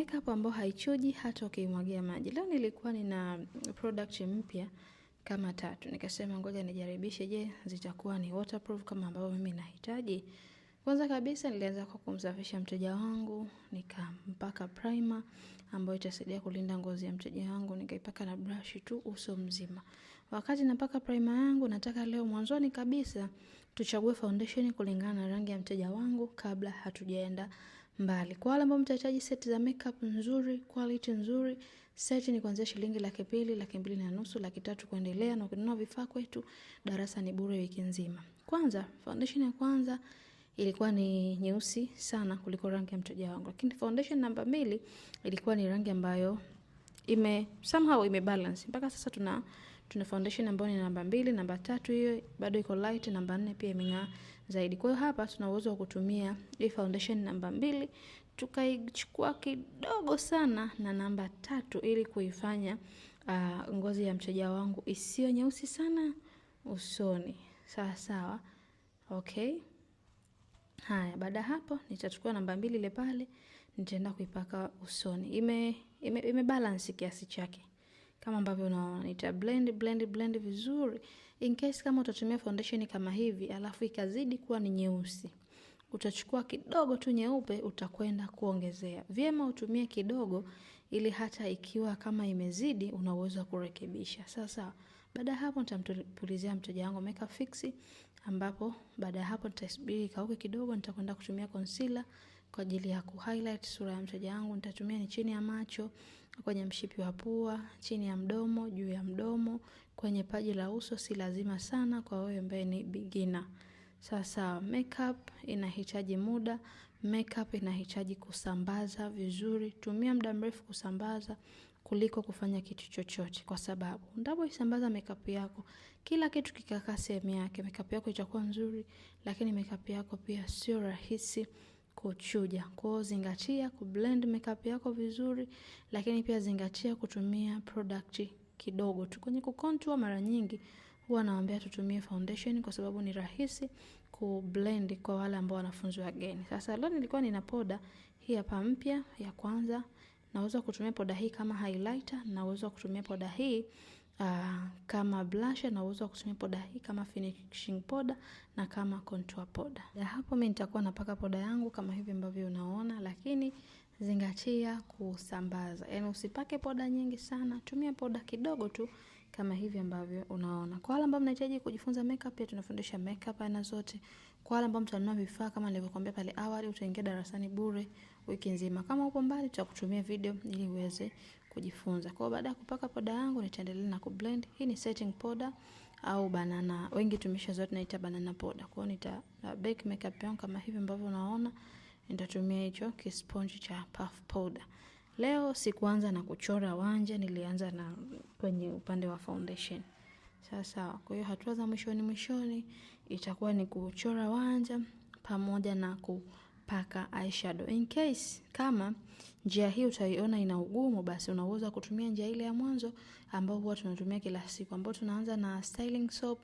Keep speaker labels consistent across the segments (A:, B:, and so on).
A: Makeup ambayo haichuji hata ukimwagia maji. Leo nilikuwa nina product mpya kama tatu, nikasema ngoja nijaribishe, je, zitakuwa ni waterproof kama ambavyo mimi nahitaji. Kwanza kabisa nilianza kwa kumsafisha mteja wangu, nikampaka primer ambayo itasaidia kulinda ngozi ya mteja wangu, nikaipaka na brush tu uso mzima. Wakati napaka primer yangu, nataka leo mwanzoni kabisa tuchague foundation kulingana na rangi ya mteja wangu kabla hatujaenda mbali. Kwa wale ambao mtahitaji seti za makeup nzuri, quality nzuri, seti ni kuanzia shilingi laki mbili, laki mbili na nusu, laki tatu kuendelea, na ukinunua vifaa kwetu darasa ni bure wiki nzima. Kwanza foundation ya kwanza ilikuwa ni nyeusi sana kuliko rangi ya mteja wangu, lakini foundation namba mbili ilikuwa ni rangi ambayo ime somehow ime balance mpaka sasa tuna Tuna foundation ambayo ni namba mbili, namba tatu hiyo bado iko light, namba nne pia imeng'aa zaidi. Kwa hiyo hapa tuna uwezo wa kutumia hii foundation namba mbili tukaichukua kidogo sana na namba tatu ili kuifanya uh, ngozi ya mteja wangu isiyo nyeusi sana usoni. Sawa sawa, okay. Haya, baada hapo nitachukua namba mbili ile pale, nitaenda kuipaka usoni. Ime, ime, ime balance kiasi chake kama ambavyo unaona nita blend blend blend vizuri. In case kama utatumia foundation kama hivi alafu ikazidi kuwa ni nyeusi, utachukua kidogo tu nyeupe, utakwenda kuongezea. Vyema utumie kidogo, ili hata ikiwa kama imezidi una uwezo wa kurekebisha. Sasa baada hapo nitamtulizia mteja wangu makeup fix, ambapo baada hapo nitasubiri kauke kidogo, nitakwenda kutumia concealer kwa ajili ya highlight sura ya mteja wangu. Nitatumia ni chini ya macho, kwenye mshipi wa pua, chini ya mdomo, juu ya mdomo, kwenye paji la uso. Si lazima sana kwa wewe ambaye ni beginner. Sasa makeup inahitaji muda, makeup inahitaji kusambaza vizuri. Tumia muda mrefu kusambaza kuliko kufanya kitu chochote, kwa sababu ndapoisambaza makeup yako kila kitu kikakaa sehemu yake, makeup yako itakuwa nzuri, lakini makeup yako pia sio rahisi kuchuja. Kwa hiyo zingatia blend makeup yako vizuri, lakini pia zingatia kutumia product kidogo tu. Kwenye contour. mara nyingi huwa nawaambia tutumie foundation kwa sababu ni rahisi blend kwa wale ambao wanafunzi wageni. Sasa leo nilikuwa nina poda hii hapa mpya ya kwanza. Naweza kutumia poda hii kama highlighter, naweza kutumia poda hii uh, kama blusher na uwezo wa kutumia poda hii kama finishing poda na kama contour poda. Ya hapo mimi nitakuwa napaka poda yangu kama hivi ambavyo unaona, lakini zingatia kusambaza, yaani usipake poda nyingi sana, tumia poda kidogo tu kama hivi ambavyo unaona. Kwa wale ambao mnahitaji kujifunza makeup, pia tunafundisha makeup aina zote. Kwa wale ambao mtanunua vifaa kama nilivyokuambia pale awali, utaingia darasani bure wiki nzima. Kama upo mbali, tutakutumia video ili uweze kujifunza. Kwa baada ya kupaka poda yangu, nitaendelea na kublend. Hii ni setting powder au banana, wengi tumisha zote naita banana powder. Kwa hiyo nita bake makeup yangu kama hivi ambavyo unaona, nitatumia hicho kisponji cha puff powder. Leo sikuanza na kuchora wanja, nilianza na kwenye upande wa foundation sawasawa. Kwa hiyo hatua za mwishoni mwishoni itakuwa ni kuchora wanja pamoja na kupaka eyeshadow. In case kama njia hii utaiona ina ugumu, basi unaweza kutumia njia ile ya mwanzo ambayo huwa tunatumia kila siku, ambayo tunaanza na styling soap,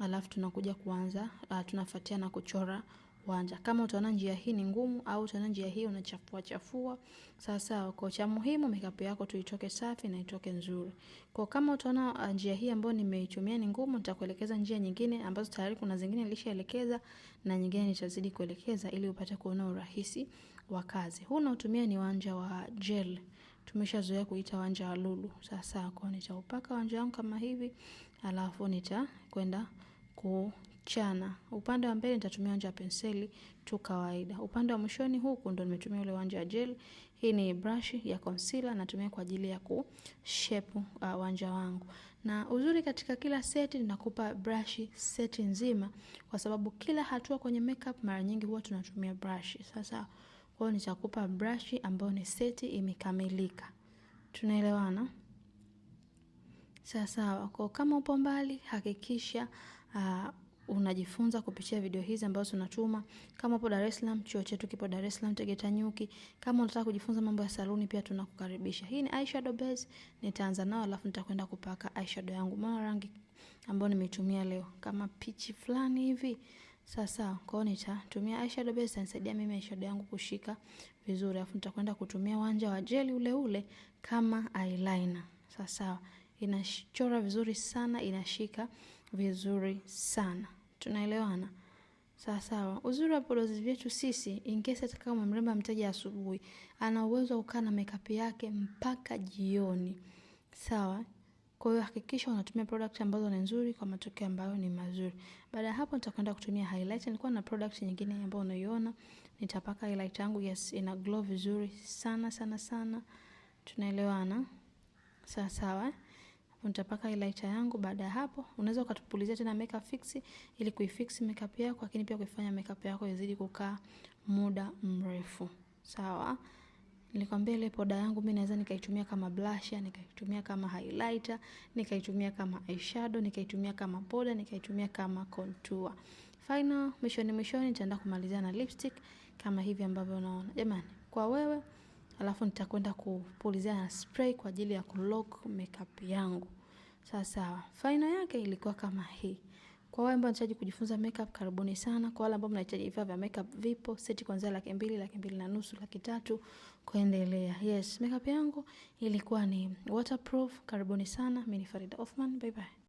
A: alafu tunakuja kuanza uh, tunafuatia na kuchora uwanja. Kama utaona njia hii ni ngumu au utaona njia hii unachafua chafua, sawa sawa. Kwa cha muhimu makeup yako tu itoke safi na itoke nzuri. Kwa kama utaona uh, njia hii ambayo nimeitumia ni ngumu, nitakuelekeza njia nyingine ambazo tayari kuna zingine nilishaelekeza na nyingine nitazidi kuelekeza ili upate kuona urahisi wa kazi. Huu unaotumia ni wanja wa gel. Tumeshazoea kuita wanja wa lulu. Sasa kwa nitaupaka wanja wangu kama hivi, alafu nitakwenda ku chana. Upande wa mbele nitatumia wanja wa penseli tu kawaida. Upande wa mwishoni huku ndo nimetumia ule wanja wa gel. Hii ni brush ya concealer natumia kwa ajili ya ku shape uh, wanja wangu. Na uzuri katika kila seti ninakupa brush seti nzima kwa sababu kila hatua kwenye makeup mara nyingi huwa tunatumia brush. Sasa kwa hiyo nitakupa brush ambayo ni seti imekamilika. Tunaelewana? Sasa sawa. Kwa kama upo mbali hakikisha uh, unajifunza kupitia video hizi ambazo tunatuma. Kama upo Dar es Salaam, chuo chetu kipo Dar es Salaam Tegeta Nyuki. Kama unataka kujifunza mambo ya saluni pia tunakukaribisha. Hii ni eyeshadow base, nitaanza nao alafu nitakwenda kupaka eyeshadow yangu. Maana rangi ambayo nimetumia leo kama pichi fulani hivi. Sasa kwao nitatumia eyeshadow base nisaidia mimi eyeshadow yangu kushika vizuri, alafu nitakwenda kutumia wanja wa jeli ule ule kama eyeliner. Sasa inachora vizuri sana, inashika vizuri sana tunaelewana sawa sawa uzuri wa vipodozi vyetu sisi ingesi atakawa umemremba mteja asubuhi ana uwezo wa kukaa na makeup yake mpaka jioni sawa kwa hiyo hakikisha unatumia product ambazo ni nzuri kwa matokeo ambayo ni mazuri. Baada ya hapo nitakwenda kutumia highlight Nilikuwa na product nyingine ambayo unaiona. Nitapaka highlight yangu. Yes, ina glow vizuri sana sana sana. Tunaelewana. Sawa sawa. Nitapaka highlighter yangu. Baada ya hapo, unaweza ukatupulizia tena makeup fix ili kuifix makeup yako, lakini pia kuifanya makeup yako izidi kukaa muda mrefu. Sawa. Nilikwambia ile poda yangu mimi naweza nikaitumia kama blush, nikaitumia kama highlighter, nikaitumia kama eyeshadow, nikaitumia kama poda, nikaitumia kama contour. Final mwishoni mwishoni nitaenda kumalizia na lipstick kama hivi ambavyo unaona. Jamani, kwa wewe alafu nitakwenda kupulizia na spray kwa ajili ya kulock makeup yangu. Sasa faina yake ilikuwa kama hii. Kwa wale ambao wanahitaji kujifunza makeup karibuni sana. Kwa wale ambao mnahitaji vifaa vya makeup vipo, seti kuanzia laki mbili, laki mbili na nusu, laki tatu kuendelea. Yes, makeup yangu ilikuwa ni waterproof. Karibuni sana. Mimi ni Farida Othman. Bye bye.